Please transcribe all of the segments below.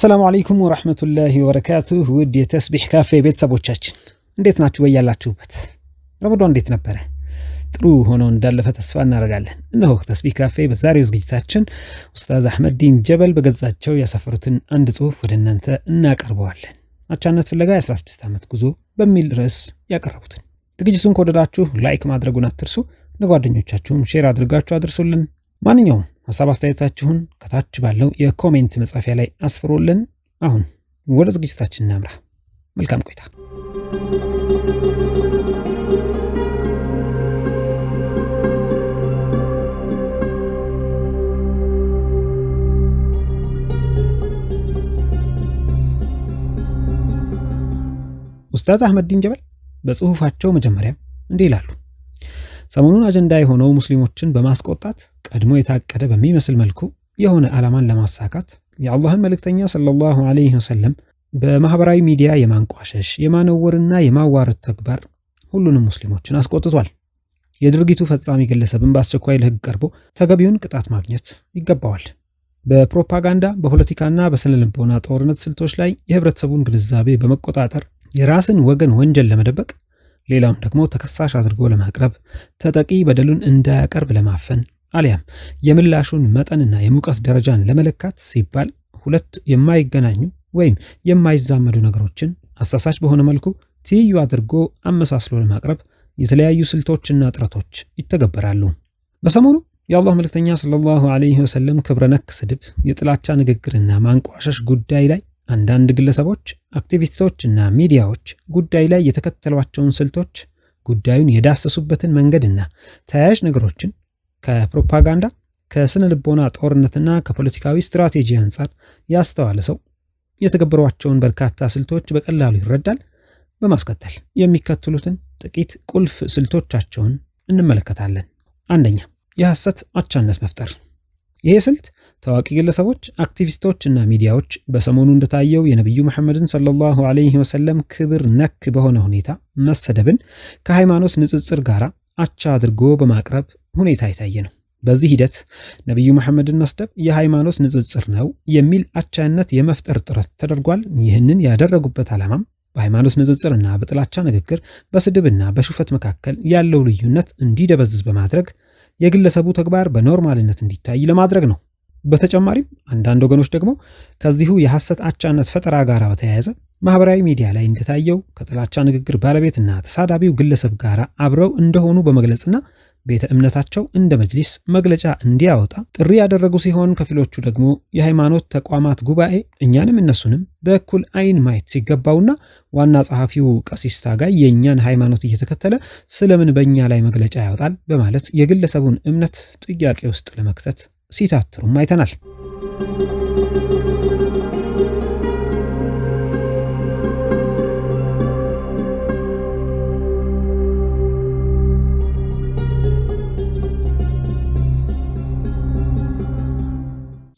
አሰላሙ አለይኩም ወረህመቱላሂ ወበረካቱህ ውድ የተስቢሕ ካፌ ቤተሰቦቻችን እንዴት ናችሁ? በያላችሁበት ረመዳን እንዴት ነበረ? ጥሩ ሆኖ እንዳለፈ ተስፋ እናደርጋለን። እነሆ ተስቢሕ ካፌ በዛሬው ዝግጅታችን ኡስታዝ አሕመዲን ጀበል በገጻቸው ያሰፈሩትን አንድ ጽሑፍ ወደ እናንተ እናቀርበዋለን። አቻነት ፍለጋ የ16 ዓመት ጉዞ በሚል ርዕስ ያቀረቡትን ዝግጅቱን ከወደዳችሁ ላይክ ማድረጉን አትርሱ። ለጓደኞቻችሁም ሼር አድርጋችሁ አድርሱልን። ማንኛውም ሀሳብ አስተያየታችሁን ከታች ባለው የኮሜንት መጻፊያ ላይ አስፍሮልን። አሁን ወደ ዝግጅታችን እናምራ። መልካም ቆይታ። ኡስታዝ አህመዲን ጀበል በጽሁፋቸው መጀመሪያ እንዲህ ይላሉ። ሰሞኑን አጀንዳ የሆነው ሙስሊሞችን በማስቆጣት ቀድሞ የታቀደ በሚመስል መልኩ የሆነ ዓላማን ለማሳካት የአላህን መልእክተኛ ሰለላሁ ዐለይሂ ወሰለም በማኅበራዊ ሚዲያ የማንቋሸሽ የማነወርና የማዋረድ ተግባር ሁሉንም ሙስሊሞችን አስቆጥቷል። የድርጊቱ ፈጻሚ ግለሰብን በአስቸኳይ ለሕግ ቀርቦ ተገቢውን ቅጣት ማግኘት ይገባዋል። በፕሮፓጋንዳ በፖለቲካና በስነ ልቦና ጦርነት ስልቶች ላይ የህብረተሰቡን ግንዛቤ በመቆጣጠር የራስን ወገን ወንጀል ለመደበቅ ሌላውን ደግሞ ተከሳሽ አድርጎ ለማቅረብ ተጠቂ በደሉን እንዳያቀርብ ለማፈን አሊያም የምላሹን መጠንና የሙቀት ደረጃን ለመለካት ሲባል ሁለት የማይገናኙ ወይም የማይዛመዱ ነገሮችን አሳሳች በሆነ መልኩ ትይዩ አድርጎ አመሳስሎ ለማቅረብ የተለያዩ ስልቶችና ጥረቶች ይተገበራሉ። በሰሞኑ የአላህ መልእክተኛ ሰለላሁ ዐለይሂ ወሰለም ክብረ ነክ ስድብ፣ የጥላቻ ንግግርና ማንቋሸሽ ጉዳይ ላይ አንዳንድ ግለሰቦች፣ አክቲቪስቶች እና ሚዲያዎች ጉዳይ ላይ የተከተሏቸውን ስልቶች፣ ጉዳዩን የዳሰሱበትን መንገድና ተያያዥ ነገሮችን ከፕሮፓጋንዳ ከስነ ልቦና ጦርነትና ከፖለቲካዊ ስትራቴጂ አንጻር ያስተዋለ ሰው የተገበሯቸውን በርካታ ስልቶች በቀላሉ ይረዳል። በማስከተል የሚከተሉትን ጥቂት ቁልፍ ስልቶቻቸውን እንመለከታለን። አንደኛ፣ የሐሰት አቻነት መፍጠር። ይህ ስልት ታዋቂ ግለሰቦች፣ አክቲቪስቶች እና ሚዲያዎች በሰሞኑ እንደታየው የነቢዩ መሐመድን ሰለላሁ ዐለይሂ ወሰለም ክብር ነክ በሆነ ሁኔታ መሰደብን ከሃይማኖት ንጽጽር ጋር አቻ አድርጎ በማቅረብ ሁኔታ የታየ ነው። በዚህ ሂደት ነቢዩ መሐመድን መስደብ የሃይማኖት ንጽጽር ነው የሚል አቻነት የመፍጠር ጥረት ተደርጓል። ይህንን ያደረጉበት ዓላማም በሃይማኖት ንጽጽርና በጥላቻ ንግግር በስድብና በሹፈት መካከል ያለው ልዩነት እንዲደበዝዝ በማድረግ የግለሰቡ ተግባር በኖርማልነት እንዲታይ ለማድረግ ነው። በተጨማሪም አንዳንድ ወገኖች ደግሞ ከዚሁ የሐሰት አቻነት ፈጠራ ጋር በተያያዘ ማህበራዊ ሚዲያ ላይ እንደታየው ከጥላቻ ንግግር ባለቤትና ተሳዳቢው ግለሰብ ጋር አብረው እንደሆኑ በመግለጽና ቤተ እምነታቸው እንደ መጅሊስ መግለጫ እንዲያወጣ ጥሪ ያደረጉ ሲሆን ከፊሎቹ ደግሞ የሃይማኖት ተቋማት ጉባኤ እኛንም እነሱንም በእኩል ዓይን ማየት ሲገባውና ዋና ጸሐፊው ቀሲስ ታጋይ የእኛን ሃይማኖት እየተከተለ ስለምን በእኛ ላይ መግለጫ ያወጣል በማለት የግለሰቡን እምነት ጥያቄ ውስጥ ለመክተት ሲታትሩም አይተናል።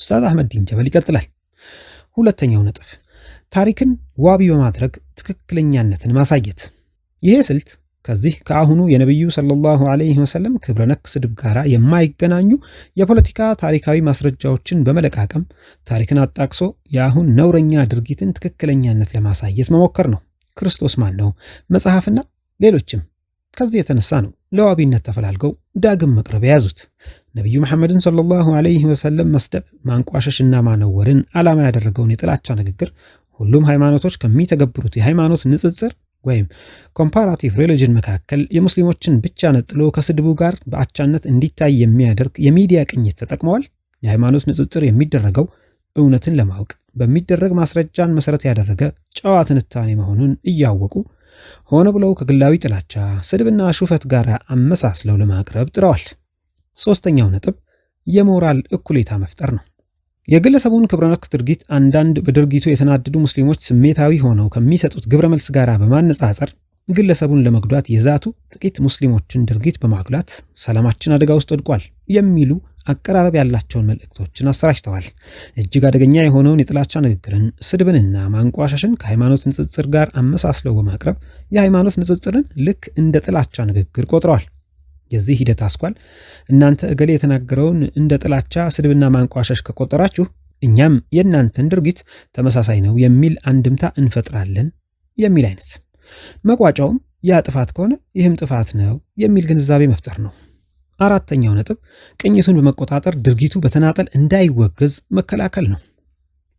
ኡስታዝ አህመዲን ጀበል ይቀጥላል። ሁለተኛው ነጥብ ታሪክን ዋቢ በማድረግ ትክክለኛነትን ማሳየት። ይሄ ስልት ከዚህ ከአሁኑ የነቢዩ ሰለላሁ ዐለይሂ ወሰለም ክብረ ነክ ስድብ ጋር የማይገናኙ የፖለቲካ ታሪካዊ ማስረጃዎችን በመለቃቀም ታሪክን አጣቅሶ የአሁን ነውረኛ ድርጊትን ትክክለኛነት ለማሳየት መሞከር ነው። ክርስቶስ ማን ነው? መጽሐፍና ሌሎችም ከዚህ የተነሳ ነው ለዋቢነት ተፈላልገው ዳግም መቅረብ የያዙት። ነቢዩ መሐመድን ሰለላሁ ዐለይሂ ወሰለም መስደብ፣ ማንቋሸሽና ማነወርን ዓላማ ያደረገውን የጥላቻ ንግግር ሁሉም ሃይማኖቶች ከሚተገብሩት የሃይማኖት ንጽጽር ወይም ኮምፓራቲቭ ሪሊጅን መካከል የሙስሊሞችን ብቻ ነጥሎ ከስድቡ ጋር በአቻነት እንዲታይ የሚያደርግ የሚዲያ ቅኝት ተጠቅመዋል። የሃይማኖት ንጽጽር የሚደረገው እውነትን ለማወቅ በሚደረግ ማስረጃን መሰረት ያደረገ ጨዋ ትንታኔ መሆኑን እያወቁ ሆነ ብለው ከግላዊ ጥላቻ ስድብና ሹፈት ጋር አመሳስለው ለማቅረብ ጥረዋል። ሶስተኛው ነጥብ የሞራል እኩሌታ መፍጠር ነው። የግለሰቡን ክብረ ነክ ድርጊት አንዳንድ በድርጊቱ የተናደዱ ሙስሊሞች ስሜታዊ ሆነው ከሚሰጡት ግብረ መልስ ጋር በማነጻጸር ግለሰቡን ለመጉዳት የዛቱ ጥቂት ሙስሊሞችን ድርጊት በማጉላት ሰላማችን አደጋ ውስጥ ወድቋል የሚሉ አቀራረብ ያላቸውን መልእክቶችን አሰራጭተዋል። እጅግ አደገኛ የሆነውን የጥላቻ ንግግርን፣ ስድብንና ማንቋሻሽን ከሃይማኖት ንጽጽር ጋር አመሳስለው በማቅረብ የሃይማኖት ንጽጽርን ልክ እንደ ጥላቻ ንግግር ቆጥረዋል። የዚህ ሂደት አስኳል እናንተ እገሌ የተናገረውን እንደ ጥላቻ ስድብና ማንቋሸሽ ከቆጠራችሁ እኛም የእናንተን ድርጊት ተመሳሳይ ነው የሚል አንድምታ እንፈጥራለን የሚል አይነት መቋጫውም ያ ጥፋት ከሆነ ይህም ጥፋት ነው የሚል ግንዛቤ መፍጠር ነው። አራተኛው ነጥብ ቅኝቱን በመቆጣጠር ድርጊቱ በተናጠል እንዳይወገዝ መከላከል ነው።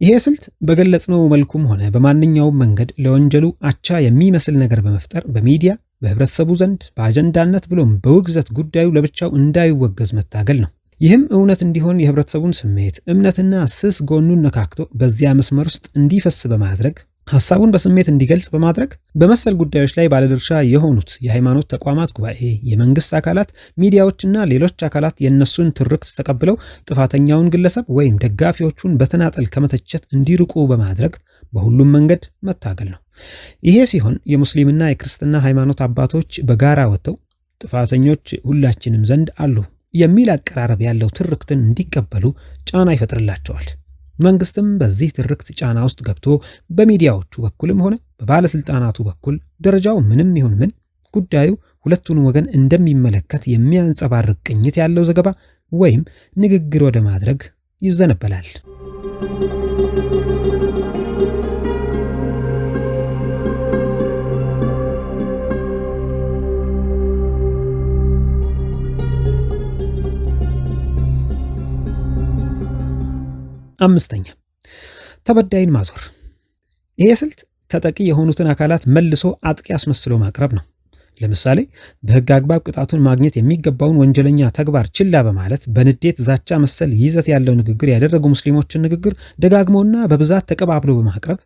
ይሄ ስልት በገለጽነው መልኩም ሆነ በማንኛውም መንገድ ለወንጀሉ አቻ የሚመስል ነገር በመፍጠር በሚዲያ በህብረተሰቡ ዘንድ በአጀንዳነት ብሎም በውግዘት ጉዳዩ ለብቻው እንዳይወገዝ መታገል ነው። ይህም እውነት እንዲሆን የህብረተሰቡን ስሜት እምነትና ስስ ጎኑን ነካክቶ በዚያ መስመር ውስጥ እንዲፈስ በማድረግ ሀሳቡን በስሜት እንዲገልጽ በማድረግ በመሰል ጉዳዮች ላይ ባለድርሻ የሆኑት የሃይማኖት ተቋማት ጉባኤ፣ የመንግስት አካላት፣ ሚዲያዎችና ሌሎች አካላት የእነሱን ትርክት ተቀብለው ጥፋተኛውን ግለሰብ ወይም ደጋፊዎቹን በተናጠል ከመተቸት እንዲርቁ በማድረግ በሁሉም መንገድ መታገል ነው። ይሄ ሲሆን የሙስሊምና የክርስትና ሃይማኖት አባቶች በጋራ ወጥተው ጥፋተኞች ሁላችንም ዘንድ አሉ የሚል አቀራረብ ያለው ትርክትን እንዲቀበሉ ጫና ይፈጥርላቸዋል። መንግስትም በዚህ ትርክት ጫና ውስጥ ገብቶ በሚዲያዎቹ በኩልም ሆነ በባለስልጣናቱ በኩል ደረጃው ምንም ይሁን ምን ጉዳዩ ሁለቱን ወገን እንደሚመለከት የሚያንጸባርቅ ቅኝት ያለው ዘገባ ወይም ንግግር ወደ ማድረግ ይዘነበላል። አምስተኛ ተበዳይን ማዞር። ይሄ ስልት ተጠቂ የሆኑትን አካላት መልሶ አጥቂ አስመስሎ ማቅረብ ነው። ለምሳሌ በሕግ አግባብ ቅጣቱን ማግኘት የሚገባውን ወንጀለኛ ተግባር ችላ በማለት በንዴት ዛቻ መሰል ይዘት ያለው ንግግር ያደረጉ ሙስሊሞችን ንግግር ደጋግመውና በብዛት ተቀባብሎ በማቅረብ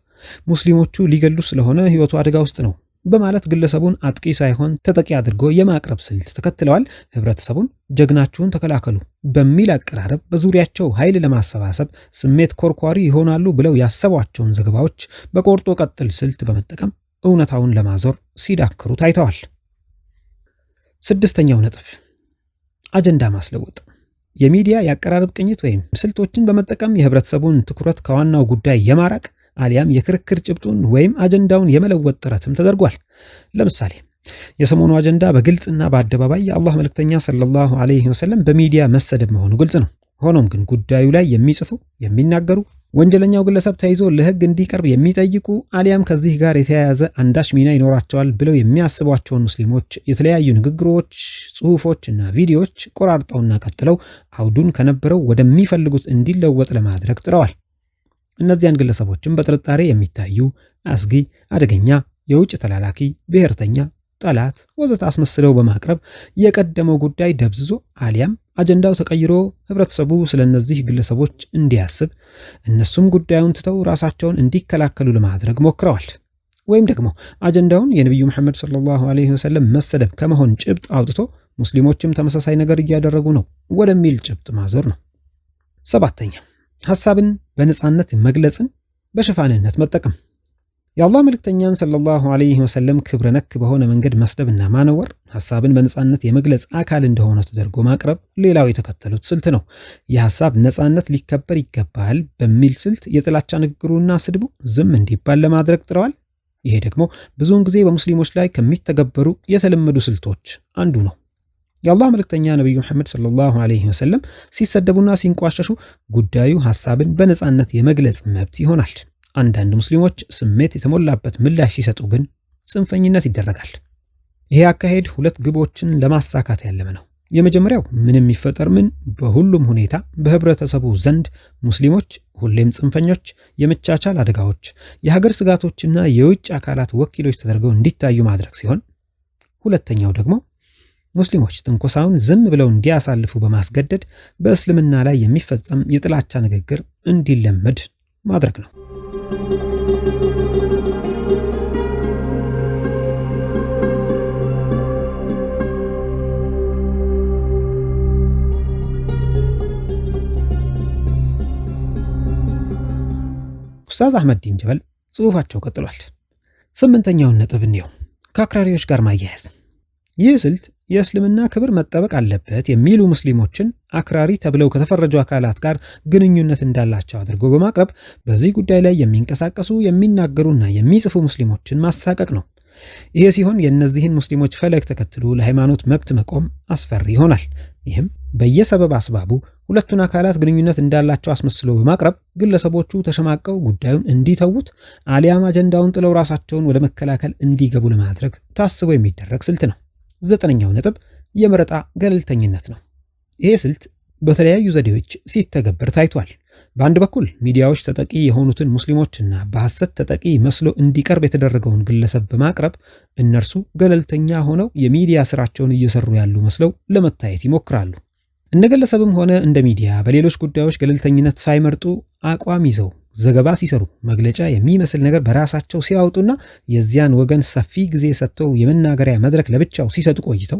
ሙስሊሞቹ ሊገሉ ስለሆነ ሕይወቱ አደጋ ውስጥ ነው በማለት ግለሰቡን አጥቂ ሳይሆን ተጠቂ አድርጎ የማቅረብ ስልት ተከትለዋል። ህብረተሰቡን ጀግናችሁን ተከላከሉ በሚል አቀራረብ በዙሪያቸው ኃይል ለማሰባሰብ ስሜት ኮርኳሪ ይሆናሉ ብለው ያሰቧቸውን ዘገባዎች በቆርጦ ቀጥል ስልት በመጠቀም እውነታውን ለማዞር ሲዳክሩ ታይተዋል። ስድስተኛው ነጥብ አጀንዳ ማስለወጥ የሚዲያ የአቀራረብ ቅኝት ወይም ስልቶችን በመጠቀም የህብረተሰቡን ትኩረት ከዋናው ጉዳይ የማራቅ አሊያም የክርክር ጭብጡን ወይም አጀንዳውን የመለወጥ ጥረትም ተደርጓል። ለምሳሌ የሰሞኑ አጀንዳ በግልጽና በአደባባይ የአላህ መልእክተኛ ሰለላሁ ዐለይሂ ወሰለም በሚዲያ መሰደብ መሆኑ ግልጽ ነው። ሆኖም ግን ጉዳዩ ላይ የሚጽፉ የሚናገሩ ወንጀለኛው ግለሰብ ተይዞ ለሕግ እንዲቀርብ የሚጠይቁ አሊያም ከዚህ ጋር የተያያዘ አንዳች ሚና ይኖራቸዋል ብለው የሚያስቧቸውን ሙስሊሞች የተለያዩ ንግግሮች፣ ጽሁፎች እና ቪዲዮዎች ቆራርጠውና ቀጥለው አውዱን ከነበረው ወደሚፈልጉት እንዲለወጥ ለማድረግ ጥረዋል። እነዚያን ግለሰቦችም በጥርጣሬ የሚታዩ አስጊ፣ አደገኛ፣ የውጭ ተላላኪ፣ ብሔርተኛ፣ ጠላት፣ ወዘተ አስመስለው በማቅረብ የቀደመው ጉዳይ ደብዝዞ አሊያም አጀንዳው ተቀይሮ ህብረተሰቡ ስለ እነዚህ ግለሰቦች እንዲያስብ እነሱም ጉዳዩን ትተው ራሳቸውን እንዲከላከሉ ለማድረግ ሞክረዋል። ወይም ደግሞ አጀንዳውን የነቢዩ መሐመድ ሰለላሁ ዐለይሂ ወሰለም መሰደብ ከመሆን ጭብጥ አውጥቶ ሙስሊሞችም ተመሳሳይ ነገር እያደረጉ ነው ወደሚል ጭብጥ ማዞር ነው። ሰባተኛ ሐሳብን በነፃነት መግለጽን በሽፋንነት መጠቀም የአላህ መልእክተኛን ሰለላሁ ዐለይሂ ወሰለም ክብረ ነክ በሆነ መንገድ መስደብና ማነወር ሐሳብን በነፃነት የመግለጽ አካል እንደሆነ ተደርጎ ማቅረብ ሌላው የተከተሉት ስልት ነው። የሐሳብ ነፃነት ሊከበር ይገባል በሚል ስልት የጥላቻ ንግግሩና ስድቡ ዝም እንዲባል ለማድረግ ጥረዋል። ይሄ ደግሞ ብዙውን ጊዜ በሙስሊሞች ላይ ከሚተገበሩ የተለመዱ ስልቶች አንዱ ነው። የአላህ መልእክተኛ ነቢዩ መሐመድ ሰለላሁ ዐለይሂ ወሰለም ሲሰደቡና ሲንቋሸሹ ጉዳዩ ሐሳብን በነፃነት የመግለጽ መብት ይሆናል። አንዳንድ ሙስሊሞች ስሜት የተሞላበት ምላሽ ሲሰጡ ግን ጽንፈኝነት ይደረጋል። ይህ አካሄድ ሁለት ግቦችን ለማሳካት ያለመ ነው። የመጀመሪያው ምንም የሚፈጠር ምን በሁሉም ሁኔታ በህብረተሰቡ ዘንድ ሙስሊሞች ሁሌም ጽንፈኞች፣ የመቻቻል አደጋዎች፣ የሀገር ስጋቶችና የውጭ አካላት ወኪሎች ተደርገው እንዲታዩ ማድረግ ሲሆን ሁለተኛው ደግሞ ሙስሊሞች ትንኮሳውን ዝም ብለው እንዲያሳልፉ በማስገደድ በእስልምና ላይ የሚፈጸም የጥላቻ ንግግር እንዲለመድ ማድረግ ነው። ኡስታዝ አህመድ ዲን ጀበል ጽሑፋቸው ቀጥሏል። ስምንተኛውን ነጥብ እንየው፣ ከአክራሪዎች ጋር ማያያዝ ይህ ስልት የእስልምና ክብር መጠበቅ አለበት የሚሉ ሙስሊሞችን አክራሪ ተብለው ከተፈረጁ አካላት ጋር ግንኙነት እንዳላቸው አድርጎ በማቅረብ በዚህ ጉዳይ ላይ የሚንቀሳቀሱ የሚናገሩና የሚጽፉ ሙስሊሞችን ማሳቀቅ ነው። ይሄ ሲሆን የእነዚህን ሙስሊሞች ፈለግ ተከትሎ ለሃይማኖት መብት መቆም አስፈሪ ይሆናል። ይህም በየሰበብ አስባቡ ሁለቱን አካላት ግንኙነት እንዳላቸው አስመስሎ በማቅረብ ግለሰቦቹ ተሸማቀው ጉዳዩን እንዲተዉት አሊያም አጀንዳውን ጥለው ራሳቸውን ወደ መከላከል እንዲገቡ ለማድረግ ታስቦ የሚደረግ ስልት ነው። ዘጠነኛው ነጥብ የመረጣ ገለልተኝነት ነው። ይሄ ስልት በተለያዩ ዘዴዎች ሲተገበር ታይቷል። በአንድ በኩል ሚዲያዎች ተጠቂ የሆኑትን ሙስሊሞችና በሐሰት ተጠቂ መስሎ እንዲቀርብ የተደረገውን ግለሰብ በማቅረብ እነርሱ ገለልተኛ ሆነው የሚዲያ ስራቸውን እየሰሩ ያሉ መስለው ለመታየት ይሞክራሉ። እንደ ግለሰብም ሆነ እንደ ሚዲያ በሌሎች ጉዳዮች ገለልተኝነት ሳይመርጡ አቋም ይዘው ዘገባ ሲሰሩ መግለጫ የሚመስል ነገር በራሳቸው ሲያወጡና የዚያን ወገን ሰፊ ጊዜ ሰጥተው የመናገሪያ መድረክ ለብቻው ሲሰጡ ቆይተው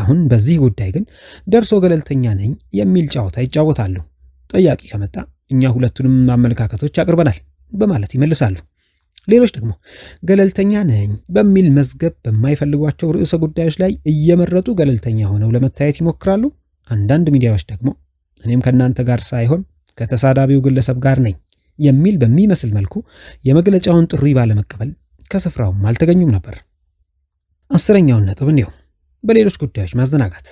አሁን በዚህ ጉዳይ ግን ደርሶ ገለልተኛ ነኝ የሚል ጨዋታ ይጫወታሉ። ጠያቂ ከመጣ እኛ ሁለቱንም አመለካከቶች አቅርበናል በማለት ይመልሳሉ። ሌሎች ደግሞ ገለልተኛ ነኝ በሚል መዝገብ በማይፈልጓቸው ርዕሰ ጉዳዮች ላይ እየመረጡ ገለልተኛ ሆነው ለመታየት ይሞክራሉ። አንዳንድ ሚዲያዎች ደግሞ እኔም ከእናንተ ጋር ሳይሆን ከተሳዳቢው ግለሰብ ጋር ነኝ የሚል በሚመስል መልኩ የመግለጫውን ጥሪ ባለመቀበል ከስፍራውም አልተገኙም ነበር። አስረኛውን ነጥብ እንዲሁ በሌሎች ጉዳዮች ማዘናጋት።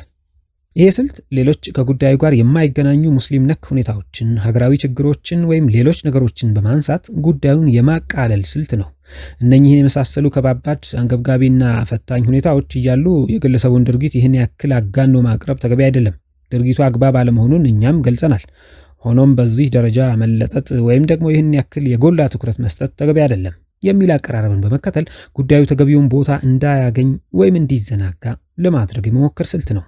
ይሄ ስልት ሌሎች ከጉዳዩ ጋር የማይገናኙ ሙስሊም ነክ ሁኔታዎችን፣ ሀገራዊ ችግሮችን ወይም ሌሎች ነገሮችን በማንሳት ጉዳዩን የማቃለል ስልት ነው። እነኚህን የመሳሰሉ ከባባድ አንገብጋቢና ፈታኝ ሁኔታዎች እያሉ የግለሰቡን ድርጊት ይህን ያክል አጋኖ ማቅረብ ተገቢ አይደለም። ድርጊቱ አግባብ አለመሆኑን እኛም ገልጸናል። ሆኖም በዚህ ደረጃ መለጠጥ ወይም ደግሞ ይህን ያክል የጎላ ትኩረት መስጠት ተገቢ አይደለም የሚል አቀራረብን በመከተል ጉዳዩ ተገቢውን ቦታ እንዳያገኝ ወይም እንዲዘናጋ ለማድረግ የመሞከር ስልት ነው።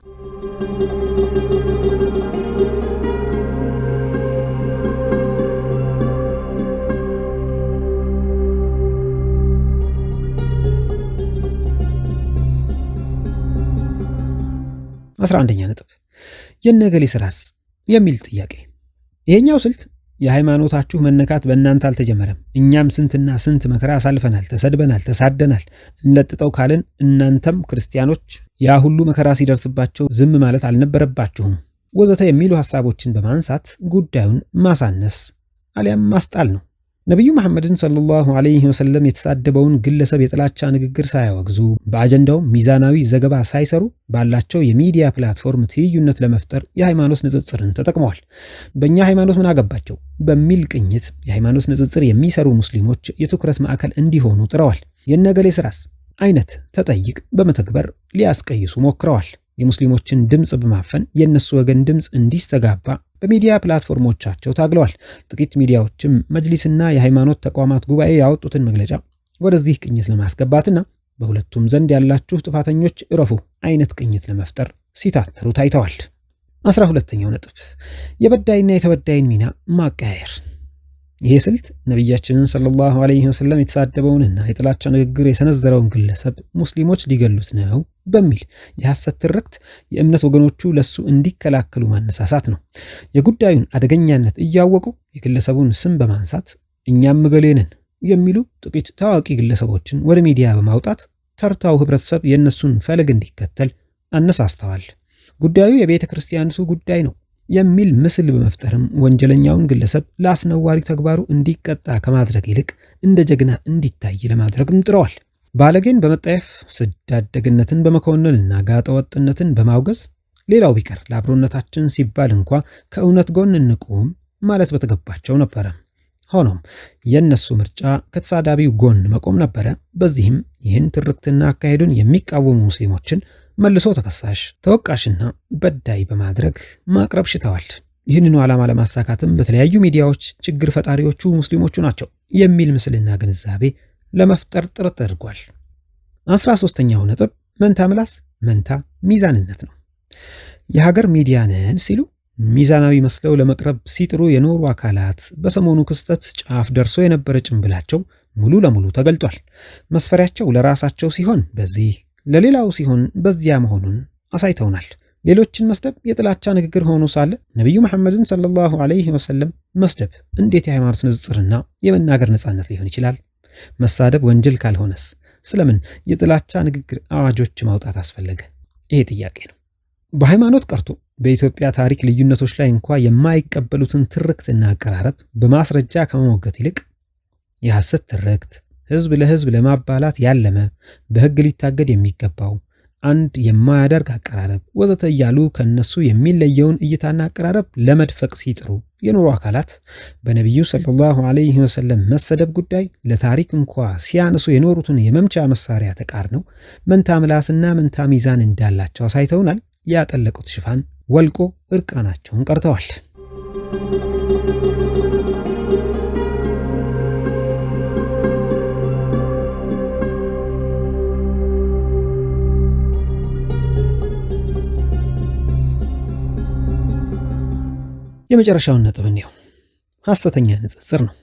አስራ አንደኛ ነጥብ የነገሌ ስራስ የሚል ጥያቄ ይሄኛው ስልት የሃይማኖታችሁ መነካት በእናንተ አልተጀመረም። እኛም ስንትና ስንት መከራ አሳልፈናል፣ ተሰድበናል፣ ተሳደናል። እንለጥጠው ካልን እናንተም ክርስቲያኖች ያ ሁሉ መከራ ሲደርስባቸው ዝም ማለት አልነበረባችሁም፣ ወዘተ የሚሉ ሀሳቦችን በማንሳት ጉዳዩን ማሳነስ አሊያም ማስጣል ነው። ነቢዩ መሐመድን ሰለላሁ ዐለይሂ ወሰለም የተሳደበውን ግለሰብ የጥላቻ ንግግር ሳያወግዙ በአጀንዳው ሚዛናዊ ዘገባ ሳይሰሩ ባላቸው የሚዲያ ፕላትፎርም ትይዩነት ለመፍጠር የሃይማኖት ንጽጽርን ተጠቅመዋል። በእኛ ሃይማኖት ምን አገባቸው በሚል ቅኝት የሃይማኖት ንጽጽር የሚሰሩ ሙስሊሞች የትኩረት ማዕከል እንዲሆኑ ጥረዋል። የነገሌ ስራስ አይነት ተጠይቅ በመተግበር ሊያስቀይሱ ሞክረዋል። የሙስሊሞችን ድምፅ በማፈን የእነሱ ወገን ድምፅ እንዲስተጋባ በሚዲያ ፕላትፎርሞቻቸው ታግለዋል። ጥቂት ሚዲያዎችም መጅሊስና የሃይማኖት ተቋማት ጉባኤ ያወጡትን መግለጫ ወደዚህ ቅኝት ለማስገባትና በሁለቱም ዘንድ ያላችሁ ጥፋተኞች እረፉ አይነት ቅኝት ለመፍጠር ሲታትሩ ታይተዋል። አስራ ሁለተኛው ነጥብ የበዳይና የተበዳይን ሚና ማቀያየር። ይሄ ስልት ነቢያችንን ሰለላሁ ዐለይሂ ወሰለም የተሳደበውንና የጥላቻ ንግግር የሰነዘረውን ግለሰብ ሙስሊሞች ሊገሉት ነው በሚል የሐሰት ትርክት የእምነት ወገኖቹ ለሱ እንዲከላከሉ ማነሳሳት ነው። የጉዳዩን አደገኛነት እያወቁ የግለሰቡን ስም በማንሳት እኛም ምገሌንን የሚሉ ጥቂት ታዋቂ ግለሰቦችን ወደ ሚዲያ በማውጣት ተርታው ህብረተሰብ የእነሱን ፈለግ እንዲከተል አነሳስተዋል። ጉዳዩ የቤተ ክርስቲያኒቱ ጉዳይ ነው የሚል ምስል በመፍጠርም ወንጀለኛውን ግለሰብ ለአስነዋሪ ተግባሩ እንዲቀጣ ከማድረግ ይልቅ እንደ ጀግና እንዲታይ ለማድረግም ጥረዋል። ባለጌን በመጠየፍ ስዳደግነትን እና ጋጠወጥነትን በማውገዝ ሌላው ቢቀር ለአብሮነታችን ሲባል እንኳ ከእውነት ጎን እንቁም ማለት በተገባቸው ነበረ። ሆኖም የእነሱ ምርጫ ከተሳዳቢው ጎን መቆም ነበረ። በዚህም ይህን ትርክትና አካሄዱን የሚቃወሙ ሙስሊሞችን መልሶ ተከሳሽ፣ ተወቃሽና በዳይ በማድረግ ማቅረብ ሽተዋል። ይህንኑ ዓላማ ለማሳካትም በተለያዩ ሚዲያዎች ችግር ፈጣሪዎቹ ሙስሊሞቹ ናቸው የሚል ምስልና ግንዛቤ ለመፍጠር ጥረት ተደርጓል። አስራ ሶስተኛው ነጥብ መንታ ምላስ መንታ ሚዛንነት ነው። የሀገር ሚዲያ ነን ሲሉ ሚዛናዊ መስለው ለመቅረብ ሲጥሩ የኖሩ አካላት በሰሞኑ ክስተት ጫፍ ደርሶ የነበረ ጭንብላቸው ሙሉ ለሙሉ ተገልጧል። መስፈሪያቸው ለራሳቸው ሲሆን በዚህ ለሌላው ሲሆን በዚያ መሆኑን አሳይተውናል። ሌሎችን መስደብ የጥላቻ ንግግር ሆኖ ሳለ ነቢዩ መሐመድን ሰለላሁ ዐለይሂ ወሰለም መስደብ እንዴት የሃይማኖት ንጽጽርና የመናገር ነጻነት ሊሆን ይችላል? መሳደብ ወንጀል ካልሆነስ ስለምን የጥላቻ ንግግር አዋጆች ማውጣት አስፈለገ? ይሄ ጥያቄ ነው። በሃይማኖት ቀርቶ በኢትዮጵያ ታሪክ ልዩነቶች ላይ እንኳ የማይቀበሉትን ትርክትና አቀራረብ በማስረጃ ከመሞገት ይልቅ የሐሰት ትርክት ህዝብ ለህዝብ ለማባላት ያለመ በህግ ሊታገድ የሚገባው አንድ የማያደርግ አቀራረብ ወዘተ እያሉ ከእነሱ የሚለየውን እይታና አቀራረብ ለመድፈቅ ሲጥሩ የኖሩ አካላት በነቢዩ ሰለላሁ ዐለይሂ ወሰለም መሰደብ ጉዳይ ለታሪክ እንኳ ሲያነሱ የኖሩትን የመምቻ መሳሪያ ተቃር ነው። መንታ ምላስና መንታ ሚዛን እንዳላቸው አሳይተውናል። ያጠለቁት ሽፋን ወልቆ እርቃናቸውን ቀርተዋል። የመጨረሻውን ነጥብ እንየው። ሐሰተኛ ንጽጽር ነው።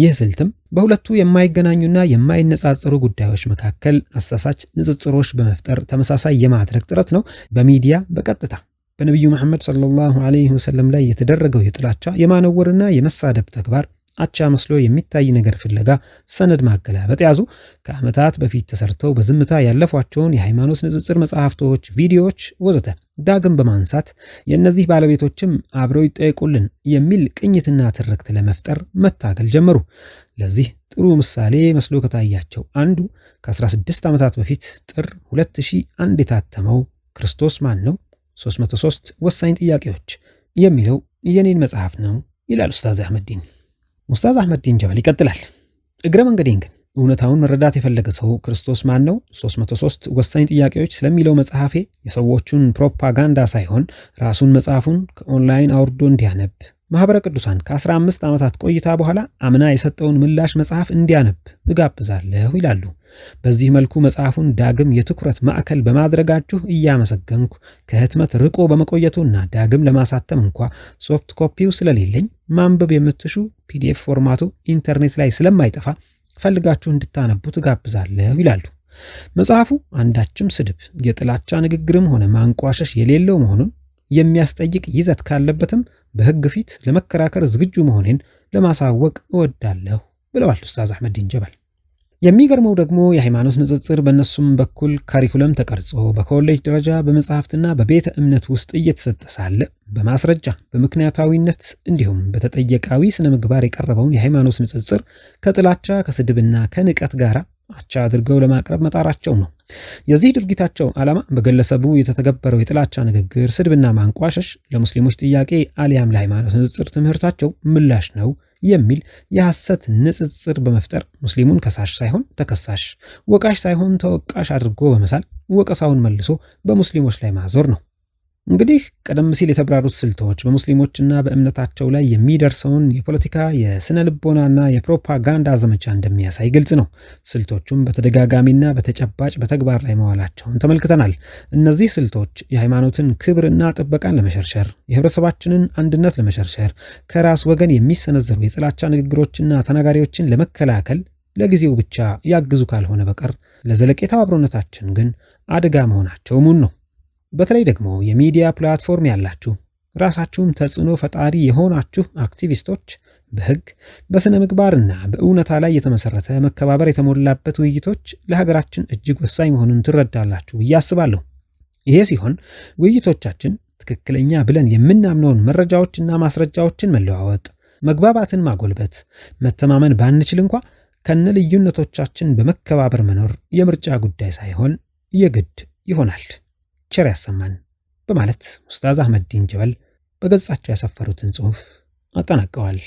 ይህ ስልትም በሁለቱ የማይገናኙና የማይነጻጸሩ ጉዳዮች መካከል አሳሳች ንጽጽሮች በመፍጠር ተመሳሳይ የማድረግ ጥረት ነው። በሚዲያ በቀጥታ በነቢዩ መሐመድ ሰለላሁ ዐለይሂ ወሰለም ላይ የተደረገው የጥላቻ የማነወርና የመሳደብ ተግባር አቻ መስሎ የሚታይ ነገር ፍለጋ ሰነድ ማገላበጥ ያዙ። ከዓመታት በፊት ተሰርተው በዝምታ ያለፏቸውን የሃይማኖት ንጽጽር መጽሐፍቶች፣ ቪዲዮዎች ወዘተ ዳግም በማንሳት የእነዚህ ባለቤቶችም አብረው ይጠየቁልን የሚል ቅኝትና ትርክት ለመፍጠር መታገል ጀመሩ። ለዚህ ጥሩ ምሳሌ መስሎ ከታያቸው አንዱ ከ16 ዓመታት በፊት ጥር 2001 የታተመው ክርስቶስ ማን ነው 303 ወሳኝ ጥያቄዎች የሚለው የኔን መጽሐፍ ነው ይላል ኡስታዝ አህመዲን። ኡስታዝ አሕመድ ጀበል ይቀጥላል። እግረ መንገዴን ግን እውነታውን መረዳት የፈለገ ሰው ክርስቶስ ማን ነው 303 ወሳኝ ጥያቄዎች ስለሚለው መጽሐፌ የሰዎቹን ፕሮፓጋንዳ ሳይሆን ራሱን መጽሐፉን ከኦንላይን አውርዶ እንዲያነብ ማኅበረ ቅዱሳን ከ15 ዓመታት ቆይታ በኋላ አምና የሰጠውን ምላሽ መጽሐፍ እንዲያነብ እጋብዛለሁ ይላሉ። በዚህ መልኩ መጽሐፉን ዳግም የትኩረት ማዕከል በማድረጋችሁ እያመሰገንኩ ከህትመት ርቆ በመቆየቱና ዳግም ለማሳተም እንኳ ሶፍት ኮፒው ስለሌለኝ ማንበብ የምትሹ ፒዲኤፍ ፎርማቱ ኢንተርኔት ላይ ስለማይጠፋ ፈልጋችሁ እንድታነቡ ትጋብዛለሁ ይላሉ። መጽሐፉ አንዳችም ስድብ፣ የጥላቻ ንግግርም ሆነ ማንቋሸሽ የሌለው መሆኑን የሚያስጠይቅ ይዘት ካለበትም በሕግ ፊት ለመከራከር ዝግጁ መሆኔን ለማሳወቅ እወዳለሁ ብለዋል ኡስታዝ አሕመዲን ጀበል። የሚገርመው ደግሞ የሃይማኖት ንጽጽር በእነሱም በኩል ካሪኩለም ተቀርጾ በኮሌጅ ደረጃ በመጽሐፍትና በቤተ እምነት ውስጥ እየተሰጠ ሳለ በማስረጃ በምክንያታዊነት እንዲሁም በተጠየቃዊ ስነ ምግባር የቀረበውን የሃይማኖት ንጽጽር ከጥላቻ ከስድብና ከንቀት ጋር አቻ አድርገው ለማቅረብ መጣራቸው ነው። የዚህ ድርጊታቸው ዓላማ በግለሰቡ የተተገበረው የጥላቻ ንግግር፣ ስድብና ማንቋሸሽ ለሙስሊሞች ጥያቄ አሊያም ለሃይማኖት ንጽጽር ትምህርታቸው ምላሽ ነው የሚል የሐሰት ንጽጽር በመፍጠር ሙስሊሙን ከሳሽ ሳይሆን ተከሳሽ፣ ወቃሽ ሳይሆን ተወቃሽ አድርጎ በመሳል ወቀሳውን መልሶ በሙስሊሞች ላይ ማዞር ነው። እንግዲህ ቀደም ሲል የተብራሩት ስልቶች በሙስሊሞችና በእምነታቸው ላይ የሚደርሰውን የፖለቲካ የስነ ልቦናና የፕሮፓጋንዳ ዘመቻ እንደሚያሳይ ግልጽ ነው። ስልቶቹም በተደጋጋሚና በተጨባጭ በተግባር ላይ መዋላቸውን ተመልክተናል። እነዚህ ስልቶች የሃይማኖትን ክብርና ጥበቃን ለመሸርሸር፣ የህብረተሰባችንን አንድነት ለመሸርሸር፣ ከራስ ወገን የሚሰነዘሩ የጥላቻ ንግግሮችና ተናጋሪዎችን ለመከላከል ለጊዜው ብቻ ያግዙ ካልሆነ በቀር ለዘለቄታው አብሮነታችን ግን አደጋ መሆናቸው ሙን ነው። በተለይ ደግሞ የሚዲያ ፕላትፎርም ያላችሁ ራሳችሁም ተጽዕኖ ፈጣሪ የሆናችሁ አክቲቪስቶች በሕግ በሥነ ምግባርና በእውነታ ላይ የተመሠረተ መከባበር የተሞላበት ውይይቶች ለሀገራችን እጅግ ወሳኝ መሆኑን ትረዳላችሁ ብዬ አስባለሁ። ይሄ ሲሆን ውይይቶቻችን ትክክለኛ ብለን የምናምነውን መረጃዎችና ማስረጃዎችን መለዋወጥ፣ መግባባትን ማጎልበት፣ መተማመን ባንችል እንኳ ከነ ልዩነቶቻችን በመከባበር መኖር የምርጫ ጉዳይ ሳይሆን የግድ ይሆናል። ቸር ያሰማን በማለት ኡስታዝ አህመዲን ጀበል በገጻቸው ያሰፈሩትን ጽሑፍ አጠናቀዋል።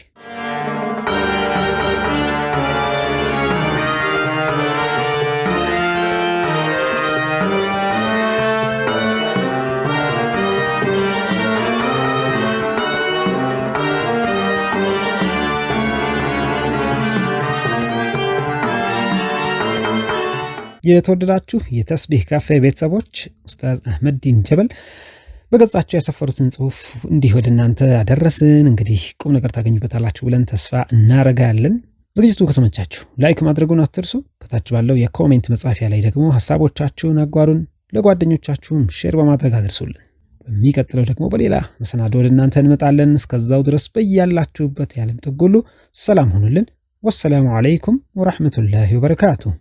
የተወደዳችሁ የተስቢህ ካፌ ቤተሰቦች ኡስታዝ አህመዲን ጀበል በገጻቸው ያሰፈሩትን ጽሁፍ እንዲህ ወደ እናንተ አደረስን። እንግዲህ ቁም ነገር ታገኙበታላችሁ ብለን ተስፋ እናረጋለን። ዝግጅቱ ከተመቻችሁ ላይክ ማድረጉን አትርሱ። ከታች ባለው የኮሜንት መጻፊያ ላይ ደግሞ ሀሳቦቻችሁን አጓሩን፣ ለጓደኞቻችሁም ሼር በማድረግ አድርሱልን። በሚቀጥለው ደግሞ በሌላ መሰናዶ ወደ እናንተ እንመጣለን። እስከዛው ድረስ በያላችሁበት የዓለም ጥጉሉ ሰላም ሆኑልን። ወሰላሙ ዓለይኩም ወራህመቱላሂ ወበረካቱሁ።